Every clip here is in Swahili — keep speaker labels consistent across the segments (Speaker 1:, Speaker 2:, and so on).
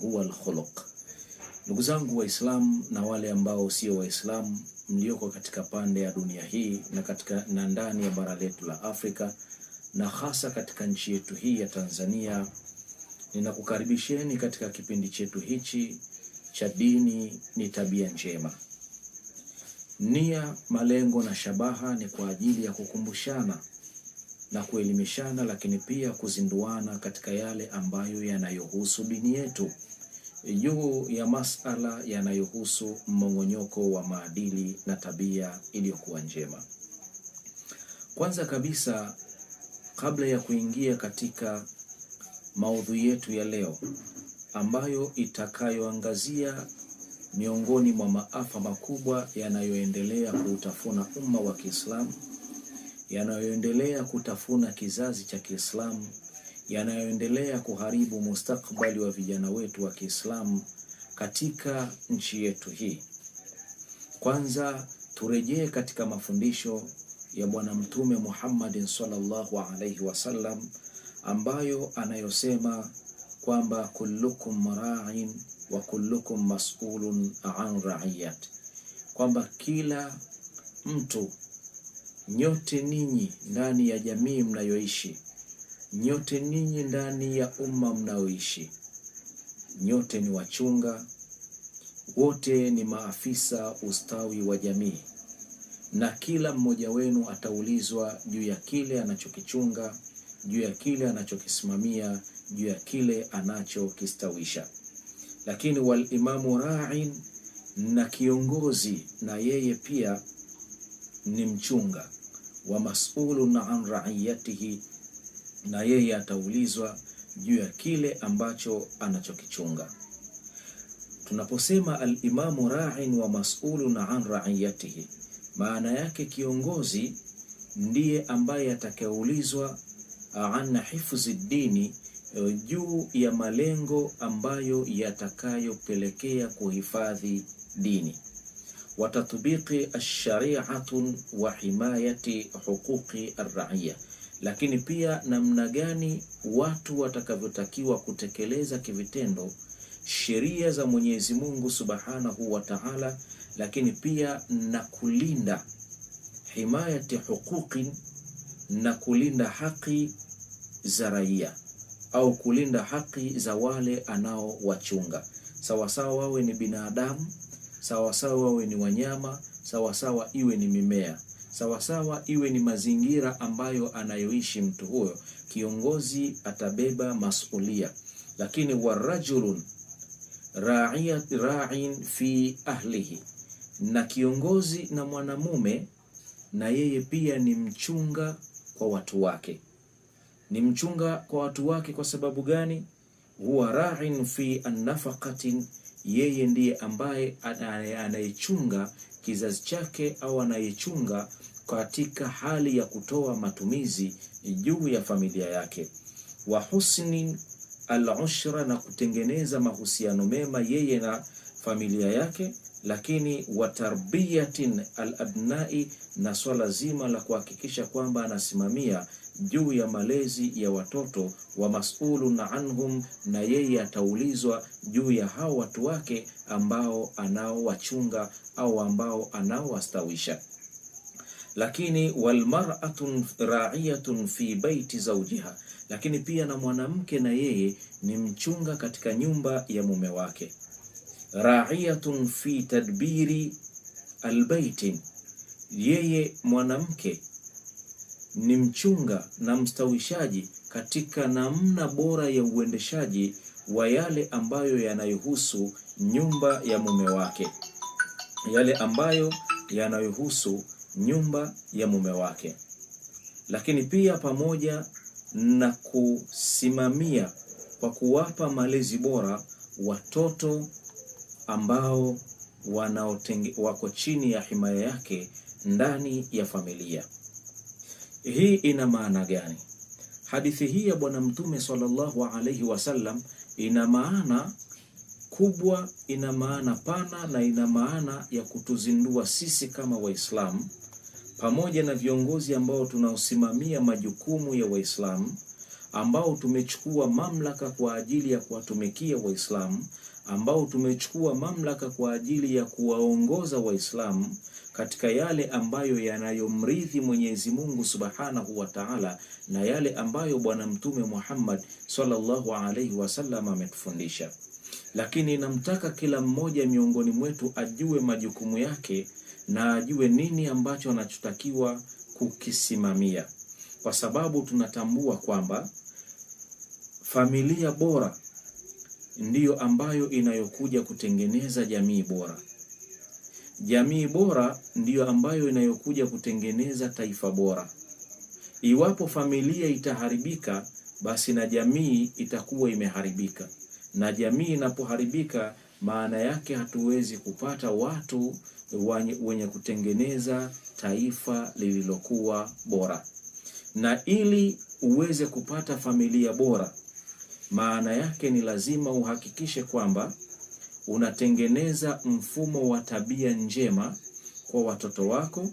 Speaker 1: huwa alkhuluq. Ndugu zangu Waislamu na wale ambao sio Waislamu mlioko katika pande ya dunia hii na katika na ndani ya bara letu la Afrika na hasa katika nchi yetu hii ya Tanzania, ninakukaribisheni katika kipindi chetu hichi cha dini ni tabia njema. Nia, malengo na shabaha ni kwa ajili ya kukumbushana na kuelimishana, lakini pia kuzinduana katika yale ambayo yanayohusu dini yetu juu ya masala yanayohusu mmong'onyoko wa maadili na tabia iliyokuwa njema. Kwanza kabisa, kabla ya kuingia katika maudhui yetu ya leo ambayo itakayoangazia miongoni mwa maafa makubwa yanayoendelea kuutafuna umma wa Kiislamu yanayoendelea kutafuna kizazi cha Kiislamu, yanayoendelea kuharibu mustakbali wa vijana wetu wa Kiislamu katika nchi yetu hii. Kwanza turejee katika mafundisho ya Bwana Mtume Muhammadin sallallahu alaihi wasallam ambayo anayosema kwamba kullukum ra'in wa kullukum mas'ulun an ra'iyat, kwamba kila mtu nyote ninyi ndani ya jamii mnayoishi, nyote ninyi ndani ya umma mnaoishi, nyote ni wachunga, wote ni maafisa ustawi wa jamii, na kila mmoja wenu ataulizwa juu ya kile anachokichunga, juu ya kile anachokisimamia, juu ya kile anachokistawisha. Lakini walimamu ra'in, na kiongozi na yeye pia ni mchunga wa mas'ulun an raiyatihi, na yeye ataulizwa juu ya kile ambacho anachokichunga. Tunaposema alimamu ra'in wa mas'ulun an raiyatihi, maana yake kiongozi ndiye ambaye atakayeulizwa an hifzi dini eh, juu ya malengo ambayo yatakayopelekea kuhifadhi dini wa tatbiqi wa himayati huquqi arraiya lakini pia namna gani watu watakavyotakiwa kutekeleza kivitendo sheria za Mwenyezi Mungu Subhanahu wa Ta'ala, lakini pia na kulinda himayati huquqi, na kulinda haki za raia au kulinda haki za wale anaowachunga, sawasawa wawe ni binadamu sawasawa wawe ni wanyama, sawasawa iwe ni mimea, sawasawa iwe ni mazingira ambayo anayoishi mtu huyo. Kiongozi atabeba masulia, lakini warajulun ra'in fi ahlihi, na kiongozi na mwanamume na yeye pia ni mchunga kwa watu wake. Ni mchunga kwa watu wake kwa sababu gani? huwa ra'in fi annafaqatin yeye ndiye ambaye anayechunga kizazi chake au anayechunga katika hali ya kutoa matumizi juu ya familia yake. Wa husni al-ushra, na kutengeneza mahusiano mema yeye na familia yake. Lakini wa tarbiyatin na swala zima la kuhakikisha kwamba anasimamia juu ya malezi ya watoto wa masulun anhum, na yeye ataulizwa juu ya hao watu wake ambao anaowachunga au ambao anaowastawisha. Lakini walmar'atu ra'iyatun fi baiti zaujiha lakini pia na mwanamke na yeye ni mchunga katika nyumba ya mume wake. Ra'iyatun fi tadbiri albaiti, yeye mwanamke ni mchunga na mstawishaji katika namna bora ya uendeshaji wa yale ambayo yanayohusu nyumba ya mume wake, yale ambayo yanayohusu nyumba ya mume wake, lakini pia pamoja na kusimamia kwa kuwapa malezi bora watoto ambao wanaotenge, wako chini ya himaya yake ndani ya familia. Hii ina maana gani? Hadithi hii ya Bwana Mtume sallallahu alaihi wasallam ina maana kubwa, ina maana pana, na ina maana ya kutuzindua sisi kama Waislamu pamoja na viongozi ambao tunaosimamia majukumu ya Waislamu ambao tumechukua mamlaka kwa ajili ya kuwatumikia Waislamu ambao tumechukua mamlaka kwa ajili ya kuwaongoza Waislamu katika yale ambayo yanayomridhi Mwenyezi Mungu Subhanahu wa Ta'ala na yale ambayo Bwana Mtume Muhammad sallallahu alayhi wasallam ametufundisha. Lakini namtaka kila mmoja miongoni mwetu ajue majukumu yake na ajue nini ambacho anachotakiwa kukisimamia, kwa sababu tunatambua kwamba familia bora ndiyo ambayo inayokuja kutengeneza jamii bora. Jamii bora ndiyo ambayo inayokuja kutengeneza taifa bora. Iwapo familia itaharibika, basi na jamii itakuwa imeharibika, na jamii inapoharibika, maana yake hatuwezi kupata watu wenye kutengeneza taifa lililokuwa bora. Na ili uweze kupata familia bora, maana yake ni lazima uhakikishe kwamba unatengeneza mfumo wa tabia njema kwa watoto wako,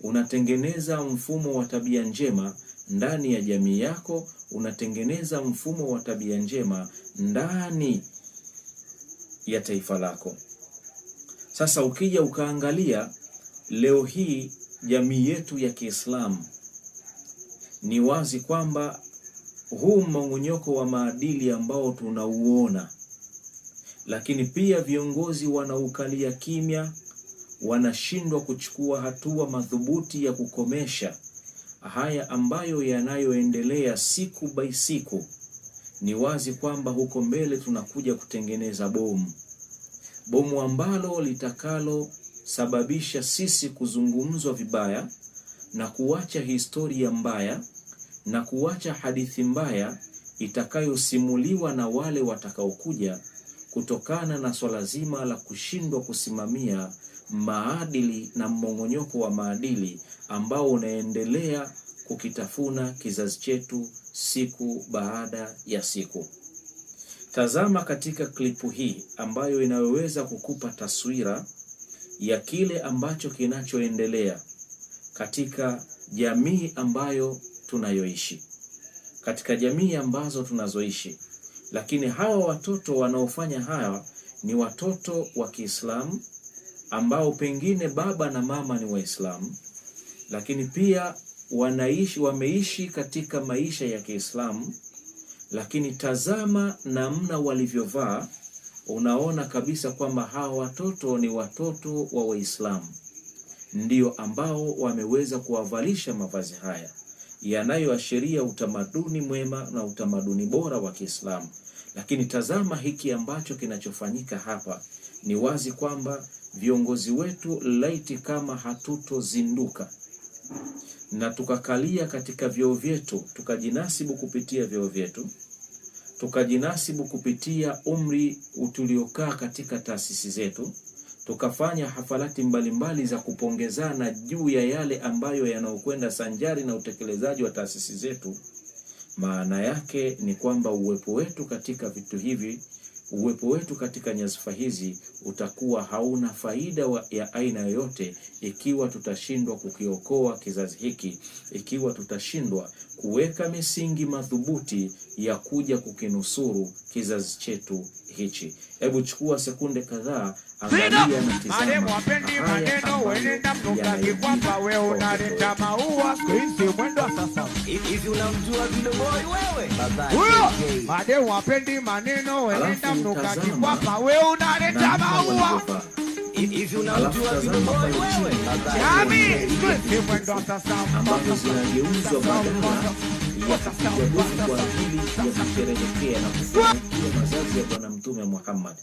Speaker 1: unatengeneza mfumo wa tabia njema ndani ya jamii yako, unatengeneza mfumo wa tabia njema ndani ya taifa lako. Sasa ukija ukaangalia leo hii jamii yetu ya Kiislamu, ni wazi kwamba huu mmong'onyoko wa maadili ambao tunauona lakini pia viongozi wanaukalia kimya, wanashindwa kuchukua hatua madhubuti ya kukomesha haya ambayo yanayoendelea siku by siku. Ni wazi kwamba huko mbele tunakuja kutengeneza bomu, bomu ambalo litakalosababisha sisi kuzungumzwa vibaya na kuacha historia mbaya na kuacha hadithi mbaya itakayosimuliwa na wale watakaokuja kutokana na swala zima la kushindwa kusimamia maadili na mmong'onyoko wa maadili ambao unaendelea kukitafuna kizazi chetu siku baada ya siku. Tazama katika klipu hii ambayo inayoweza kukupa taswira ya kile ambacho kinachoendelea katika jamii ambayo tunayoishi, katika jamii ambazo tunazoishi. Lakini hawa watoto wanaofanya haya ni watoto wa Kiislamu ambao pengine baba na mama ni Waislamu, lakini pia wanaishi wameishi katika maisha ya Kiislamu, lakini tazama namna walivyovaa, unaona kabisa kwamba hawa watoto ni watoto wa Waislamu ndio ambao wameweza kuwavalisha mavazi haya yanayoashiria utamaduni mwema na utamaduni bora wa Kiislamu. Lakini tazama hiki ambacho kinachofanyika hapa. Ni wazi kwamba viongozi wetu, laiti kama hatutozinduka na tukakalia katika vyoo vyetu, tukajinasibu kupitia vyoo vyetu, tukajinasibu kupitia umri tuliokaa katika taasisi zetu, tukafanya hafalati mbalimbali za kupongezana juu ya yale ambayo yanayokwenda sanjari na utekelezaji wa taasisi zetu maana yake ni kwamba uwepo wetu katika vitu hivi, uwepo wetu katika nyadhifa hizi utakuwa hauna faida wa, ya aina yoyote ikiwa tutashindwa kukiokoa kizazi hiki, ikiwa tutashindwa kuweka misingi madhubuti ya kuja kukinusuru kizazi chetu hichi. Hebu chukua sekunde kadhaa, maneno, wenenda mademu maneno, wenenda unaleta maua ambazo yaani, zinageuzwa Ujaduzi kwa ajili ya kusherehekea na kufanikia mazazi ya Bwana Mtume Muhammad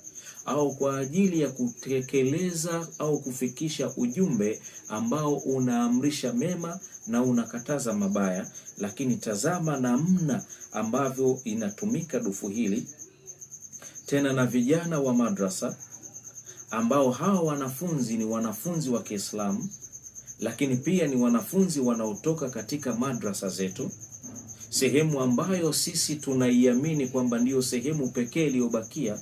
Speaker 1: au kwa ajili ya kutekeleza au kufikisha ujumbe ambao unaamrisha mema na unakataza mabaya. Lakini tazama namna ambavyo inatumika dufu hili tena na vijana wa madrasa ambao hawa wanafunzi ni wanafunzi wa Kiislamu, lakini pia ni wanafunzi wanaotoka katika madrasa zetu sehemu ambayo sisi tunaiamini kwamba ndiyo sehemu pekee iliyobakia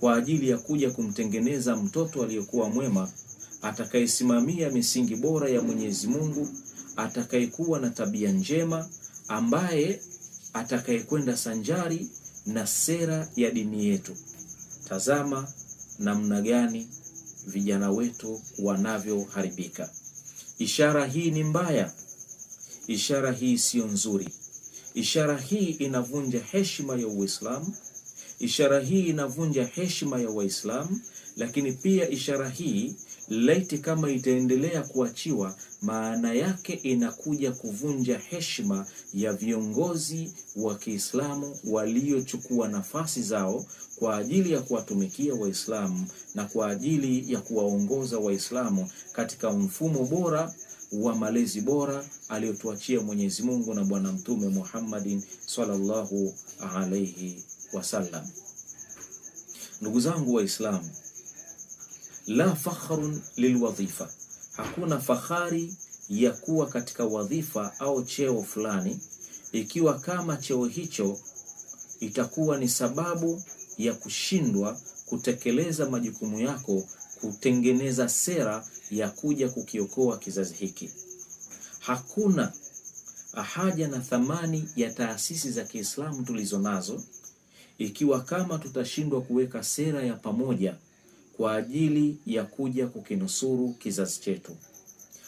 Speaker 1: kwa ajili ya kuja kumtengeneza mtoto aliyekuwa mwema atakayesimamia misingi bora ya Mwenyezi Mungu, atakayekuwa na tabia njema, ambaye atakayekwenda sanjari na sera ya dini yetu. Tazama namna gani vijana wetu wanavyoharibika. Ishara hii ni mbaya, ishara hii siyo nzuri. Ishara hii inavunja heshima ya Uislamu, ishara hii inavunja heshima ya Waislamu, lakini pia ishara hii laiti kama itaendelea kuachiwa, maana yake inakuja kuvunja heshima ya viongozi wa Kiislamu waliochukua nafasi zao kwa ajili ya kuwatumikia Waislamu na kwa ajili ya kuwaongoza Waislamu katika mfumo bora wa malezi bora aliyotuachia Mwenyezi Mungu na Bwana Mtume Muhammadin sallallahu alayhi wasallam. Ndugu zangu Waislamu, la fakhrun lilwadhifa, hakuna fahari ya kuwa katika wadhifa au cheo fulani, ikiwa kama cheo hicho itakuwa ni sababu ya kushindwa kutekeleza majukumu yako kutengeneza sera ya kuja kukiokoa kizazi hiki. Hakuna haja na thamani ya taasisi za Kiislamu tulizo nazo ikiwa kama tutashindwa kuweka sera ya pamoja kwa ajili ya kuja kukinusuru kizazi chetu.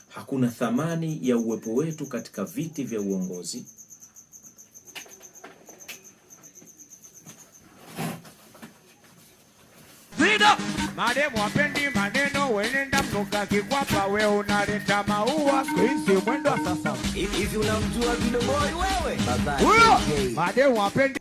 Speaker 1: Hakuna thamani ya uwepo wetu katika viti vya uongozi. Maremo wapendi maneno, wenenda mboga kikwapa, we unaleta maua kuishi mwendo sasa hivi. Unamjua kidogo wewe? Huyo maremu wapendi